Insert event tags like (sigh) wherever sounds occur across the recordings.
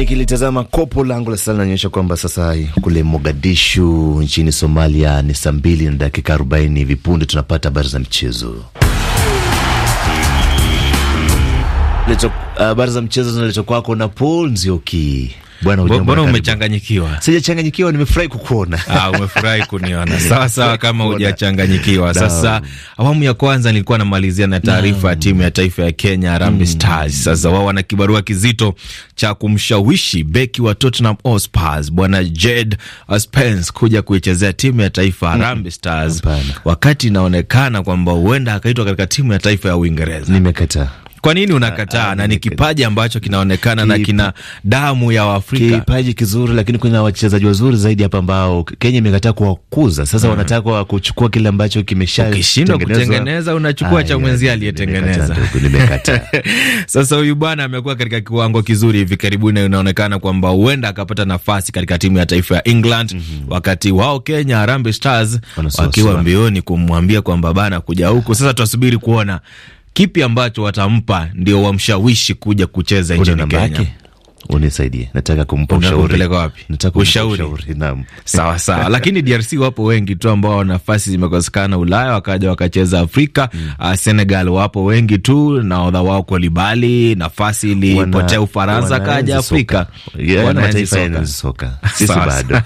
nikilitazama kopo langu la sasa linaonyesha kwamba sasa kule Mogadishu nchini Somalia ni saa mbili na dakika arobaini hivi punde tunapata habari za michezo. Habari za mchezo zinaletwa kwako na Paul Nzioki. Bwana bwana, umechanganyikiwa? Sijachanganyikiwa, nimefurahi kukuona. (laughs) Ah, umefurahi kuniona. (laughs) Sawa sawa, kama hujachanganyikiwa. Sasa awamu ya kwanza nilikuwa namalizia na taarifa ya timu ya taifa ya Kenya Harambee mm. Stars. Sasa wao wana kibarua kizito cha kumshawishi beki wa Tottenham Hotspur bwana Jed Spence kuja kuichezea timu ya taifa Harambee Stars, wakati inaonekana kwamba huenda akaitwa katika timu ya taifa ya Uingereza. Nimekataa. Kwa nini unakataa? Ah, ah, na ni kipaji ambacho kinaonekana na kina damu ya Waafrika, kipaji kizuri, lakini kuna wachezaji wazuri zaidi hapa ambao Kenya imekataa kuwakuza. Sasa mm, wanataka kuchukua kile ambacho kimesha kutengeneza, unachukua cha mwenzi aliyetengeneza. (laughs) Sasa huyu bwana amekuwa katika kiwango kizuri hivi karibuni, inaonekana kwamba huenda akapata nafasi katika timu ya taifa ya England mm -hmm. wakati wao Kenya Harambee Stars wakiwa mbioni kumwambia kwamba bana kuja huku. Sasa tuasubiri kuona kipi ambacho watampa ndio wamshawishi kuja kucheza nchini Kenya? unisaidie, nataka kumpa ushauri. Nataka ushauri. Naam, (laughs) sawa sawa. (laughs) Lakini DRC wapo wengi tu ambao nafasi zimekosekana Ulaya wakaja wakacheza Afrika. Mm. Uh, Senegal wapo wengi tu, nahodha wao Kolibali, nafasi ilipotea Ufaransa, kaja Afrika. ya soka (laughs) sisi bado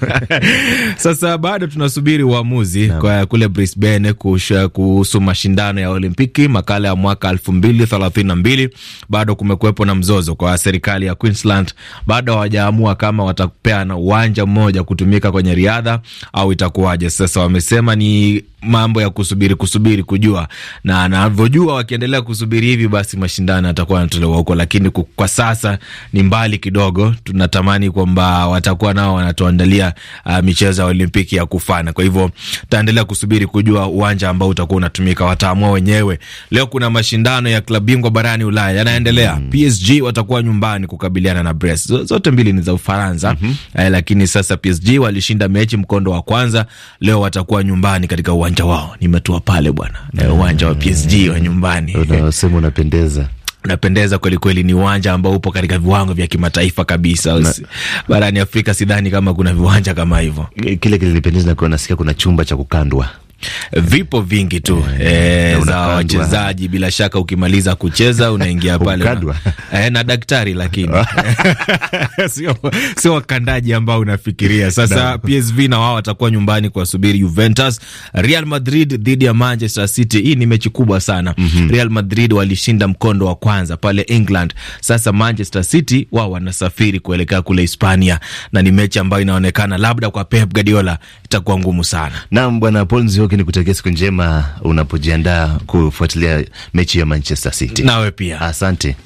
sasa, bado tunasubiri uamuzi kwa kule Brisbane kuhusu mashindano ya Olimpiki makala ya mwaka 2032 Bado kumekuwepo na mzozo kwa serikali ya Queensland Grant bado hawajaamua kama watapeana uwanja mmoja kutumika kwenye riadha au itakuwaje. Sasa wamesema ni mambo ya kusubiri kusubiri kujua, na anavyojua wakiendelea kusubiri hivi, basi mashindano yatakuwa yanatolewa huko, lakini kwa sasa ni mbali kidogo. Tunatamani kwamba watakuwa nao wanatuandalia uh, michezo ya Olimpiki ya kufana. Kwa hivyo tutaendelea kusubiri kujua uwanja ambao utakuwa unatumika, wataamua wenyewe. Leo kuna mashindano ya klabu bingwa barani Ulaya yanaendelea. Mm. PSG watakuwa nyumbani kukabiliana na Brest. Zote mbili ni za Ufaransa mm -hmm. eh, lakini sasa PSG walishinda mechi mkondo wa kwanza, leo watakuwa nyumbani katika uwanja wao. Nimetua pale bwana eh, uwanja wa PSG wa nyumbani. Unasema unapendeza napendeza kweli kweli, ni uwanja ambao upo katika viwango vya kimataifa kabisa na, barani Afrika sidhani kama kuna viwanja kama hivyo. Kile kilinipendeza na nasikia kuna chumba cha kukandwa vipo vingi tu e, za wachezaji. Bila shaka ukimaliza kucheza unaingia pale na, e, na daktari lakini (laughs) (laughs) sio, sio wakandaji ambao unafikiria sasa. PSV na wao watakuwa nyumbani kuwasubiri Juventus. Real Madrid dhidi ya Manchester City, hii ni mechi kubwa sana mm -hmm. Real Madrid walishinda mkondo wa kwanza pale England. Sasa Manchester City wao wanasafiri kuelekea kule Hispania, na ni mechi ambayo inaonekana labda kwa Pep Guardiola itakuwa ngumu sana. Naam bwana Ponzi, lakini kutakia siku njema unapojiandaa kufuatilia mechi ya Manchester City. Nawe pia asante.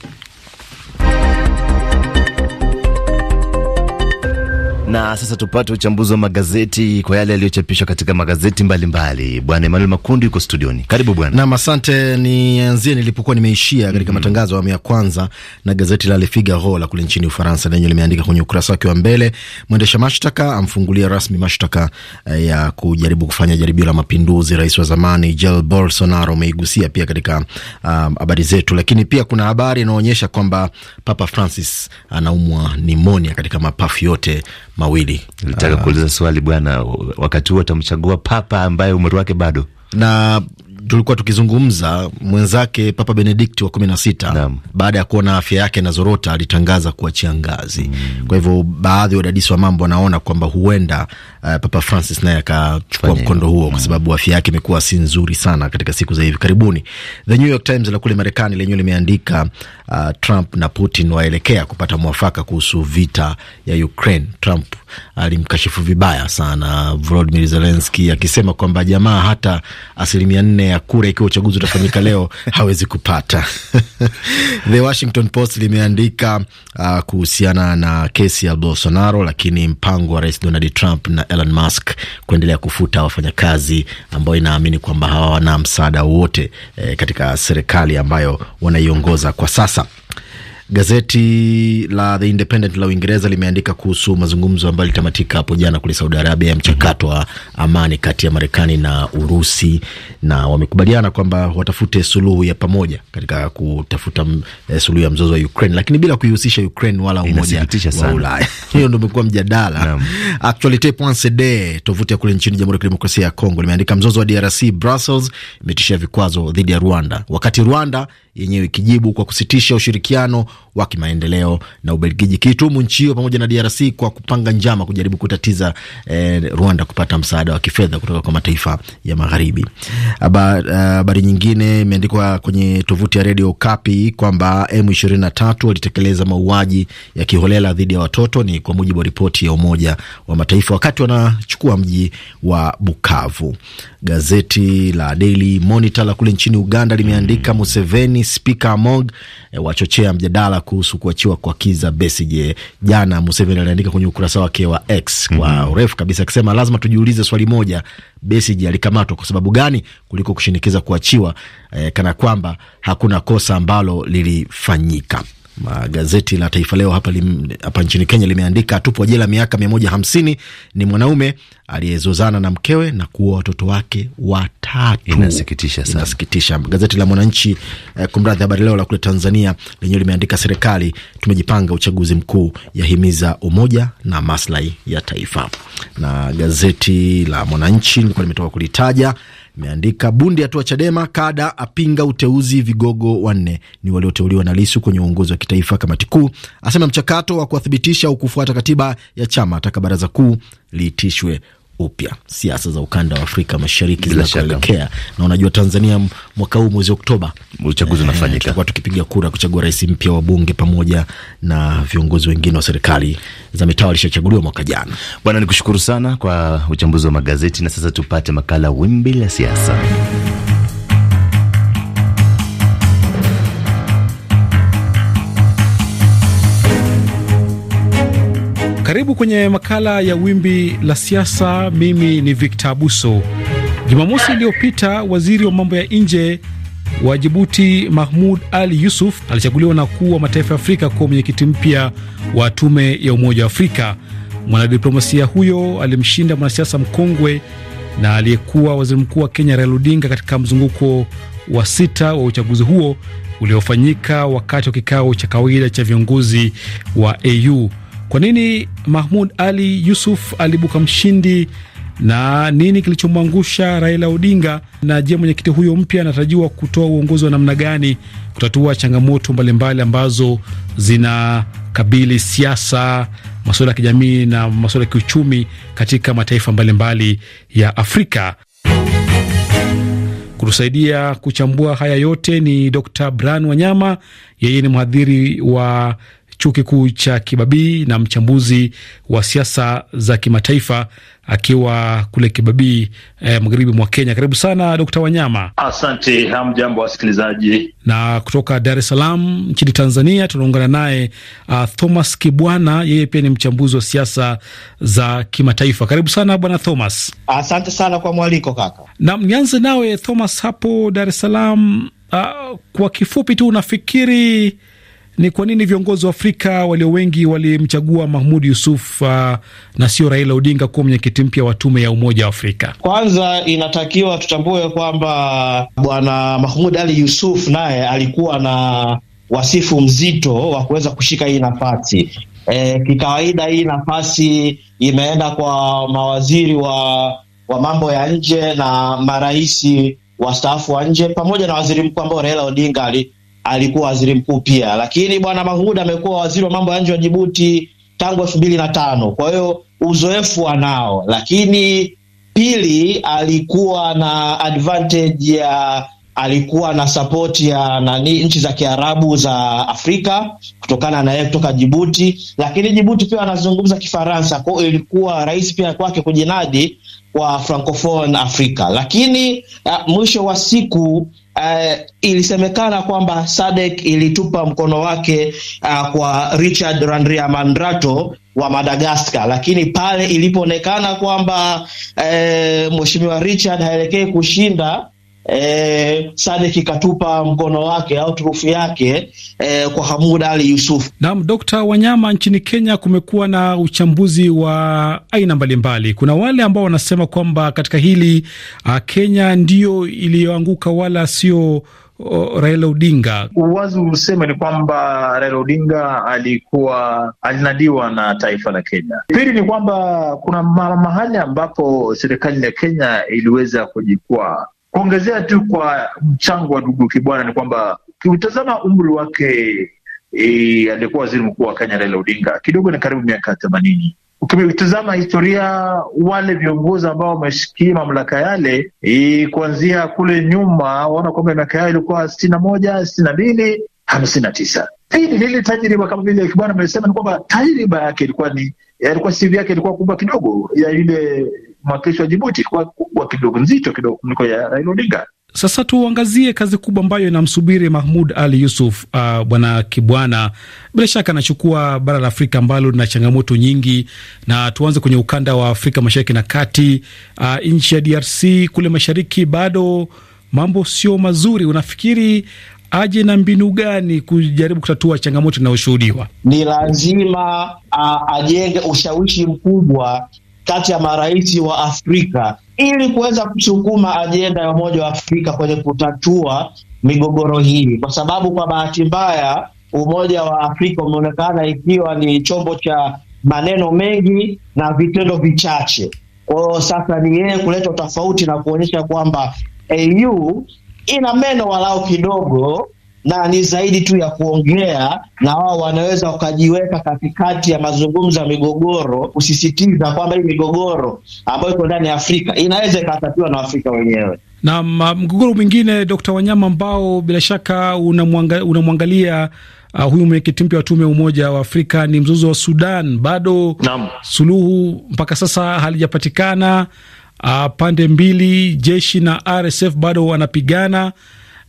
Na sasa tupate uchambuzi wa magazeti kwa yale yaliyochapishwa katika magazeti mbalimbali. Bwana Emmanuel Makundi yuko studioni, karibu bwana. Nam, asante. Nianzie nilipokuwa nimeishia katika mm -hmm. matangazo ya awamu ya kwanza na gazeti la Le Figaro la kule nchini Ufaransa lenye limeandika kwenye ukurasa wake wa mbele, mwendesha mashtaka amfungulia rasmi mashtaka eh, ya kujaribu kufanya jaribio la mapinduzi rais wa zamani Jair Bolsonaro. Umeigusia pia katika um, habari um, zetu, lakini pia kuna habari inaonyesha kwamba Papa Francis anaumwa nimonia katika mapafu yote mawili. Nilitaka kuuliza swali bwana, wakati huo atamchagua papa ambaye umri wake bado na tulikuwa tukizungumza mwenzake Papa Benedikti wa kumi na sita baada ya kuona afya yake zorota alitangaza kuachia ngazi mm. Kwa hivyo baadhi ya wadadisi wa mambo wanaona kwamba huenda uh, Papa Francis naye akachukua mkondo huo mm. Kwa sababu afya yake imekuwa si nzuri sana katika siku za hivi karibuni. The New York Times la kule Marekani lenyewe limeandika uh, Trump na Putin waelekea kupata mwafaka kuhusu vita ya Ukraine. Trump alimkashifu vibaya sana volodimir zelenski akisema kwamba jamaa hata asilimia nne ya kura ikiwa uchaguzi utafanyika leo (laughs) hawezi kupata. (laughs) The Washington Post limeandika uh, kuhusiana na kesi ya Bolsonaro, lakini mpango wa Rais Donald Trump na Elon Musk kuendelea kufuta wafanyakazi ambao inaamini kwamba hawana msaada wowote eh, katika serikali ambayo wanaiongoza kwa sasa. Gazeti la The Independent la Uingereza limeandika kuhusu mazungumzo ambayo litamatika hapo jana kule Saudi Arabia ya mchakato wa amani kati ya Marekani na Urusi, na wamekubaliana kwamba watafute suluhu ya pamoja katika kutafuta eh, suluhu ya mzozo wa Ukraine, lakini bila kuihusisha Ukraine wala Umoja wa Ulaya. (laughs) Hiyo ndio imekuwa mjadala. Actualite.cd, tovuti ya kule nchini Jamhuri ya Kidemokrasia ya Kongo, limeandika mzozo wa DRC, Brussels imetishia vikwazo dhidi ya Rwanda, wakati Rwanda yenyewe ikijibu kwa kusitisha ushirikiano wa kimaendeleo na Ubelgiji, ikiitumu nchi hiyo pamoja na DRC kwa kupanga njama kujaribu kutatiza eh, Rwanda kupata msaada wa kifedha kutoka kwa mataifa ya magharibi. Eh, habari nyingine imeandikwa kwenye tovuti ya redio Kapi kwamba M23 walitekeleza mauaji ya kiholela dhidi ya watoto, ni kwa mujibu wa ripoti ya Umoja wa Mataifa wakati wanachukua mji wa Bukavu. Gazeti la Daily Monitor la kule nchini Uganda limeandika mm. Museveni, spika Amog e, eh, wachochea mjadala kuhusu kuachiwa kwa Kiza Besije. Jana Museveni aliandika kwenye ukurasa wake wa X kwa mm -hmm. urefu kabisa akisema, lazima tujiulize swali moja, Besije alikamatwa kwa sababu gani kuliko kushinikiza kuachiwa, e, kana kwamba hakuna kosa ambalo lilifanyika. Gazeti la Taifa Leo hapa, lim, hapa nchini Kenya limeandika tupo jela miaka mia moja hamsini ni mwanaume aliyezozana na mkewe na kuua watoto wake watatu. Inasikitisha sana, inasikitisha. Gazeti la Mwananchi eh, kumradhi, Habari Leo la kule Tanzania lenyewe limeandika serikali tumejipanga uchaguzi mkuu, yahimiza umoja na maslahi ya taifa. Na gazeti la Mwananchi nilikuwa nimetoka kulitaja imeandika bundi hatua Chadema, kada apinga uteuzi, vigogo wanne ni walioteuliwa na Lisu kwenye uongozi wa kitaifa. Kamati kuu asema mchakato wa kuwathibitisha au kufuata katiba ya chama, ataka baraza kuu liitishwe upya siasa za ukanda wa Afrika Mashariki zinakuelekea, na unajua Tanzania mwaka huu mwezi Oktoba uchaguzi eh, unafanyika, tutakuwa tukipiga kura kuchagua rais mpya wa bunge pamoja na viongozi wengine wa serikali za mitaa walishachaguliwa mwaka jana. Bwana, nikushukuru sana kwa uchambuzi wa magazeti, na sasa tupate makala wimbi la siasa. Karibu kwenye makala ya Wimbi la Siasa. Mimi ni Victor Abuso. Jumamosi iliyopita waziri wa mambo ya nje wa Jibuti Mahmud Ali Yusuf alichaguliwa na kuu wa mataifa ya Afrika kuwa mwenyekiti mpya wa tume ya Umoja wa Afrika. Mwanadiplomasia huyo alimshinda mwanasiasa mkongwe na aliyekuwa waziri mkuu wa Kenya Raila Odinga katika mzunguko wa sita wa uchaguzi huo uliofanyika wakati wa kikao cha kawaida cha viongozi wa AU. Kwa nini Mahmud Ali Yusuf alibuka mshindi na nini kilichomwangusha Raila Odinga? Na je, mwenyekiti huyo mpya anatarajiwa kutoa uongozi wa namna gani kutatua changamoto mbalimbali mbali ambazo zinakabili siasa, masuala ya kijamii na masuala ya kiuchumi katika mataifa mbalimbali mbali ya Afrika? Kutusaidia kuchambua haya yote ni Dr Bran Wanyama. Yeye ni mhadhiri wa chuo kikuu cha Kibabii na mchambuzi wa siasa za kimataifa akiwa kule Kibabii eh, magharibi mwa Kenya. Karibu sana Dokta Wanyama. Asante. Hamjambo wasikilizaji. Na kutoka Dar es Salaam nchini Tanzania tunaungana naye uh, Thomas Kibwana, yeye pia ni mchambuzi wa siasa za kimataifa. Karibu sana bwana Thomas. Asante sana kwa mwaliko kaka. Na nianze nawe Thomas hapo Dar es Salaam. Uh, kwa kifupi tu unafikiri ni kwa nini viongozi wa Afrika walio wengi walimchagua Mahmud Yusuf uh, na sio Raila Odinga kuwa mwenyekiti mpya wa tume ya Umoja wa Afrika? Kwanza inatakiwa tutambue kwamba bwana Mahmud Ali Yusuf naye alikuwa na wasifu mzito wa kuweza kushika hii nafasi. E, kikawaida hii nafasi imeenda kwa mawaziri wa, wa mambo ya nje na maraisi wastaafu wa nje pamoja na waziri mkuu ambao Raila Odinga ali alikuwa waziri mkuu pia, lakini bwana Mahuda amekuwa waziri wa mambo ya nje wa Jibuti tangu elfu mbili na tano. Kwa hiyo uzoefu anao, lakini pili, alikuwa na advantage ya alikuwa na sapoti ya nani nchi za Kiarabu za Afrika kutokana na yeye kutoka Jibuti, lakini Jibuti pia anazungumza Kifaransa, kwa hiyo ilikuwa rahisi pia kwake kujinadi kwa francophone Afrika. Lakini uh, mwisho wa siku Uh, ilisemekana kwamba SADC ilitupa mkono wake uh, kwa Richard Randriamandrato wa Madagascar, lakini pale ilipoonekana kwamba uh, Mheshimiwa Richard haelekei kushinda eh, Sadek ikatupa mkono wake au turufu yake e, kwa Hamoud Ali Yusuf. Naam, Dr. Wanyama, nchini Kenya kumekuwa na uchambuzi wa aina mbalimbali. Kuna wale ambao wanasema kwamba katika hili a, ah, Kenya ndiyo iliyoanguka wala sio Raila Odinga. Uwazi useme ni kwamba Raila Odinga alikuwa alinadiwa na taifa la Kenya. Pili ni kwamba kuna mahali ambapo serikali ya Kenya iliweza kujikwaa Kuongezea tu kwa mchango wa ndugu Kibwana ni kwamba kiutazama umri wake e, aliyekuwa waziri mkuu wa Kenya Raila Odinga kidogo ni karibu miaka themanini. Ukitazama historia wale viongozi ambao wameshikia mamlaka yale e, kuanzia kule nyuma, waona kwamba miaka yao ilikuwa sitini na moja, sitini na mbili, hamsini na tisa. Pili lile tajriba kama vile Kibwana amesema ni kwamba tajriba yake ilikuwa ni alikuwa eh, CV yake ilikuwa kubwa kidogo ya ile mwakilishi wa Jibuti kwa kubwa kidogo, nzito kidogo kuliko ya Raila Odinga. Sasa tuangazie kazi kubwa ambayo inamsubiri Mahmud Ali Yusuf. Uh, bwana Kibwana, bila shaka anachukua bara la Afrika ambalo lina changamoto nyingi, na tuanze kwenye ukanda wa Afrika mashariki na kati. Uh, nchi ya DRC kule mashariki bado mambo sio mazuri. Unafikiri aje na mbinu gani kujaribu kutatua changamoto inayoshuhudiwa? Ni lazima uh, ajenge ushawishi mkubwa kati ya marais wa Afrika ili kuweza kusukuma ajenda ya Umoja wa Afrika kwenye kutatua migogoro hii, kwa sababu kwa bahati mbaya Umoja wa Afrika umeonekana ikiwa ni chombo cha maneno mengi na vitendo vichache. Kwa hiyo sasa ni yeye kuleta tofauti na kuonyesha kwamba AU ina meno walao kidogo na ni zaidi tu ya kuongea na wao, wanaweza wakajiweka katikati ya mazungumzo ya migogoro, kusisitiza kwamba hii migogoro ambayo iko ndani ya Afrika inaweza ikatatiwa na Afrika wenyewe. Na ah, mgogoro mwingine, Dkt. Wanyama, ambao bila shaka unamwangalia Uh, huyu mwenyekiti mpya wa tume ya Umoja wa Afrika ni mzozo wa Sudan. Bado Naam. suluhu mpaka sasa halijapatikana. Uh, pande mbili jeshi na RSF bado wanapigana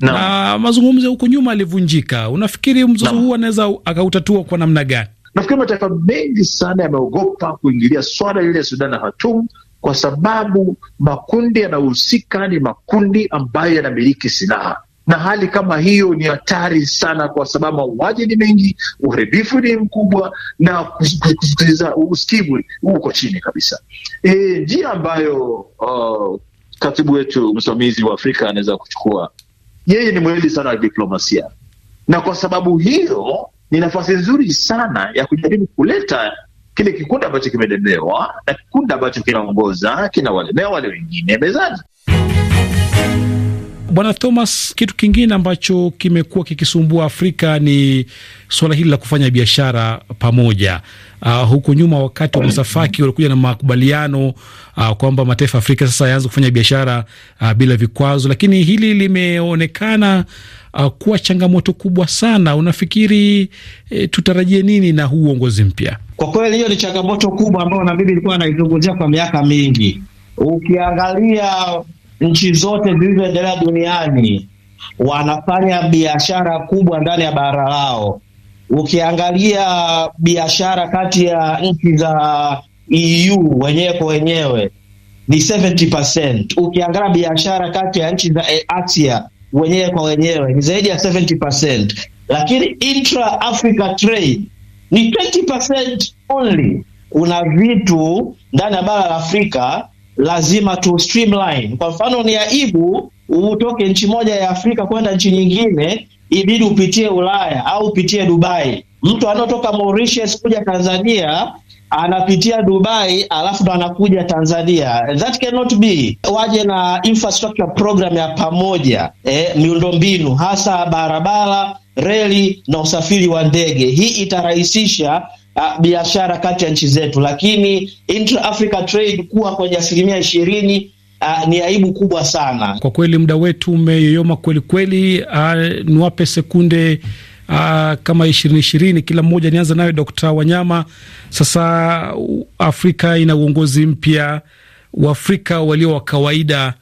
no. na mazungumzo huko nyuma alivunjika. Unafikiri mzozo no. huu anaweza akautatua kwa namna gani? Nafikiri mataifa mengi sana yameogopa kuingilia swala lile ya Sudan na Hatum kwa sababu makundi yanayohusika ni makundi ambayo yanamiliki silaha na hali kama hiyo ni hatari sana, kwa sababu mauaji ni mengi, uharibifu ni mkubwa, na kusikiliza usikivu uko chini kabisa. E, njia ambayo uh, katibu wetu msimamizi wa Afrika anaweza kuchukua yeye ni mweli sana wa diplomasia, na kwa sababu hiyo ni nafasi nzuri sana ya kujaribu kuleta kile kikundi ambacho kimelemewa na kikundi ambacho kinaongoza kinawalemea wale wengine mezani. Bwana Thomas, kitu kingine ambacho kimekuwa kikisumbua Afrika ni suala hili la kufanya biashara pamoja. Uh, huko nyuma wakati wa Msafaki walikuja na makubaliano uh, kwamba mataifa ya Afrika sasa yaanze kufanya biashara uh, bila vikwazo, lakini hili limeonekana uh, kuwa changamoto kubwa sana. Unafikiri eh, tutarajie nini na huu uongozi mpya? Kwa kweli hiyo ni changamoto kubwa ambayo nabii ilikuwa anaizungumzia kwa miaka mingi. Ukiangalia nchi zote zilizoendelea duniani wanafanya biashara kubwa ndani ya bara lao. Ukiangalia biashara kati ya nchi za EU wenyewe kwa wenyewe ni 70%. Ukiangalia biashara kati ya nchi za Asia wenyewe kwa wenyewe ni zaidi ya 70%, lakini intra Africa trade ni 20% only. Kuna vitu ndani ya bara la Afrika lazima tu streamline. Kwa mfano ni aibu utoke nchi moja ya Afrika kwenda nchi nyingine, ibidi upitie Ulaya au upitie Dubai. Mtu anaotoka Mauritius kuja Tanzania anapitia Dubai alafu ndo anakuja Tanzania. That cannot be. Waje na infrastructure program ya pamoja eh, miundombinu hasa barabara, reli na usafiri wa ndege. Hii itarahisisha uh, biashara kati ya nchi zetu, lakini intra africa trade kuwa kwenye asilimia ishirini Uh, ni aibu kubwa sana kwa kweli. Muda wetu umeyoyoma kweli kweli. Uh, niwape sekunde uh, kama ishirini ishirini kila mmoja. Nianza nayo Dkt. Wanyama. Sasa Afrika ina uongozi mpya, Waafrika walio wa kawaida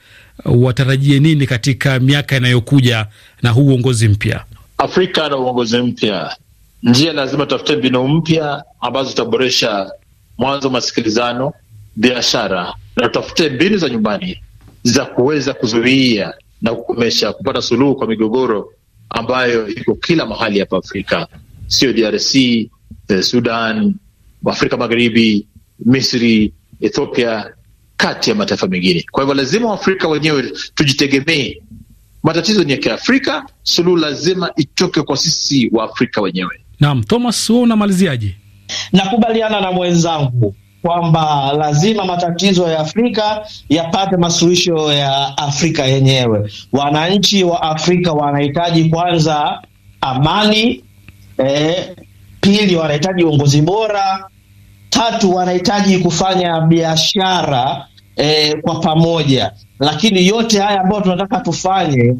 watarajie nini katika miaka inayokuja na huu uongozi mpya? Afrika na uongozi mpya njia, lazima tutafute mbinu mpya ambazo zitaboresha mwanzo masikilizano, biashara, na tutafute mbinu za nyumbani za kuweza kuzuia na kukomesha kupata suluhu kwa migogoro ambayo iko kila mahali hapa Afrika, sio DRC, eh, Sudan, Afrika Magharibi, Misri, Ethiopia, kati ya mataifa mengine. Kwa hivyo lazima Waafrika wenyewe tujitegemee. Matatizo ni ya Kiafrika, suluhu lazima itoke kwa sisi Waafrika wenyewe. Naam, Thomas, wewe unamaliziaje? Nakubaliana na mwenzangu kwamba lazima matatizo ya Afrika yapate masuluhisho ya Afrika yenyewe. Wananchi wa Afrika wanahitaji kwanza amani, eh, pili wanahitaji uongozi bora, tatu wanahitaji kufanya biashara eh, kwa pamoja. Lakini yote haya ambayo tunataka tufanye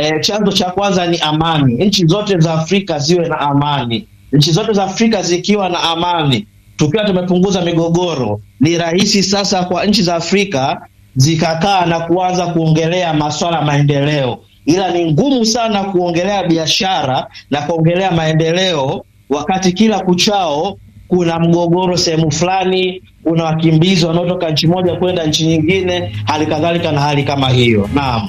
eh, chanzo cha kwanza ni amani. Nchi zote za Afrika ziwe na amani. Nchi zote za Afrika zikiwa na amani, tukiwa tumepunguza migogoro, ni rahisi sasa kwa nchi za Afrika zikakaa na kuanza kuongelea maswala ya maendeleo, ila ni ngumu sana kuongelea biashara na kuongelea maendeleo wakati kila kuchao kuna mgogoro sehemu fulani, kuna wakimbizi wanaotoka nchi moja kwenda nchi nyingine, hali kadhalika na hali kama hiyo. Naam.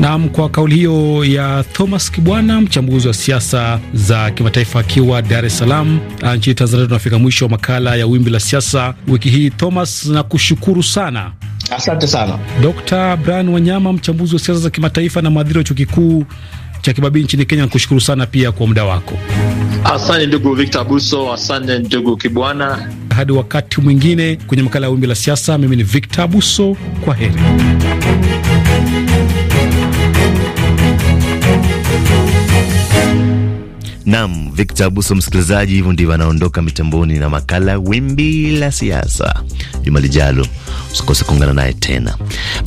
Naam, kwa kauli hiyo ya Thomas Kibwana, mchambuzi wa siasa za kimataifa akiwa Dar es Salaam ah, nchini Tanzania, tunafika mwisho wa makala ya Wimbi la Siasa wiki hii. Thomas, nakushukuru sana. Asante sana. d Brian Wanyama, mchambuzi wa siasa za kimataifa na mhadhiri wa chuo kikuu cha Kibabii nchini Kenya, nakushukuru sana pia kwa muda wako. Asante ndugu Victor Buso, asante ndugu Kibwana. Hadi wakati mwingine kwenye makala ya Wimbi la Siasa, mimi ni Victor Buso, kwa heri. Nam Victor Abuso, msikilizaji, hivyo ndivyo anaondoka mitamboni na makala wimbi la siasa. Juma lijalo usikose kuungana naye tena.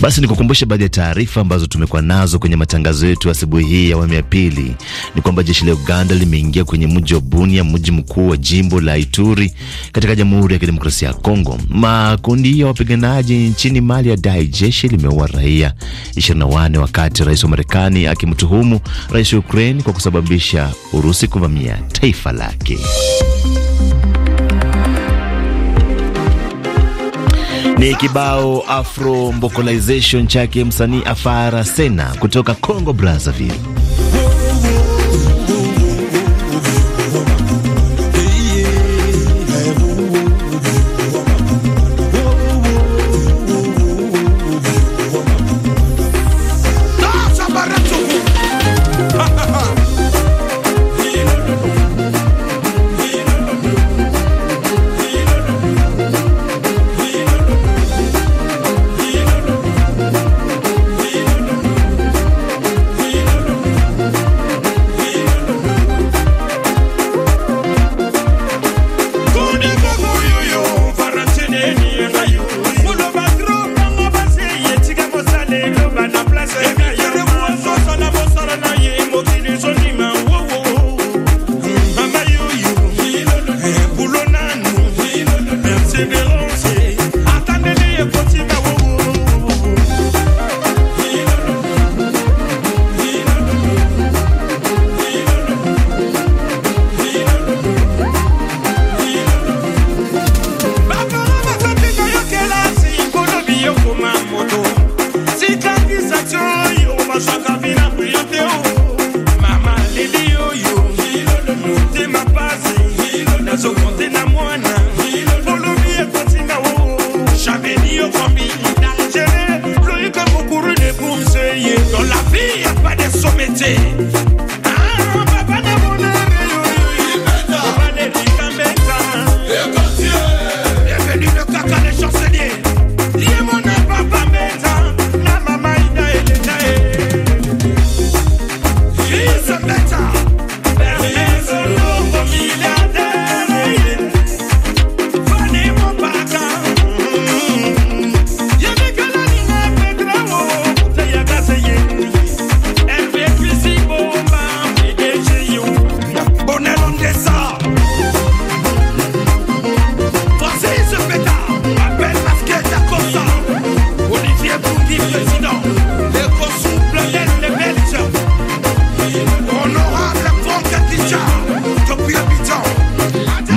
Basi nikukumbushe baadhi ya taarifa ambazo tumekuwa nazo kwenye matangazo yetu asubuhi hii ya awamu ya pili ni kwamba jeshi la Uganda limeingia kwenye mji wa Bunia, mji mkuu wa jimbo la Ituri katika Jamhuri ya Kidemokrasia ya Kongo. Makundi ya wapiganaji nchini Mali yadai jeshi limeua raia 24 wakati rais wa Marekani akimtuhumu rais wa Ukraine kwa kusababisha Urusi kuvamia taifa lake. Ni kibao afro Mbokolization chake msanii Afara Sena kutoka Congo Brazzaville.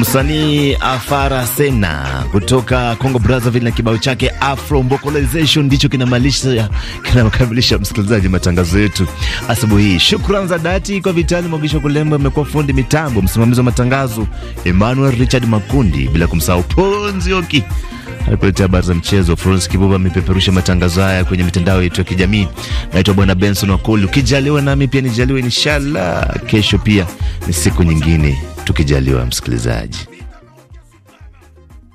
msanii Afara Sena kutoka Congo Brazzaville na kibao chake Afro Mbokolization ndicho kinamalisha kinakamilisha msikilizaji matangazo yetu asubuhi hii. Shukrani za dhati kwa Vitali Mwagisho Kulemba, amekuwa fundi mitambo, msimamizi wa matangazo Emmanuel Richard Makundi, bila kumsahau Ponzioki alikuletea habari za mchezo. Florence Kibuba amepeperusha matangazo haya kwenye mitandao yetu ya kijamii. Naitwa Bwana Benson Wakoli. Ukijaliwa nami pia nijaliwe, inshallah kesho pia ni siku nyingine tukijaliwa, msikilizaji.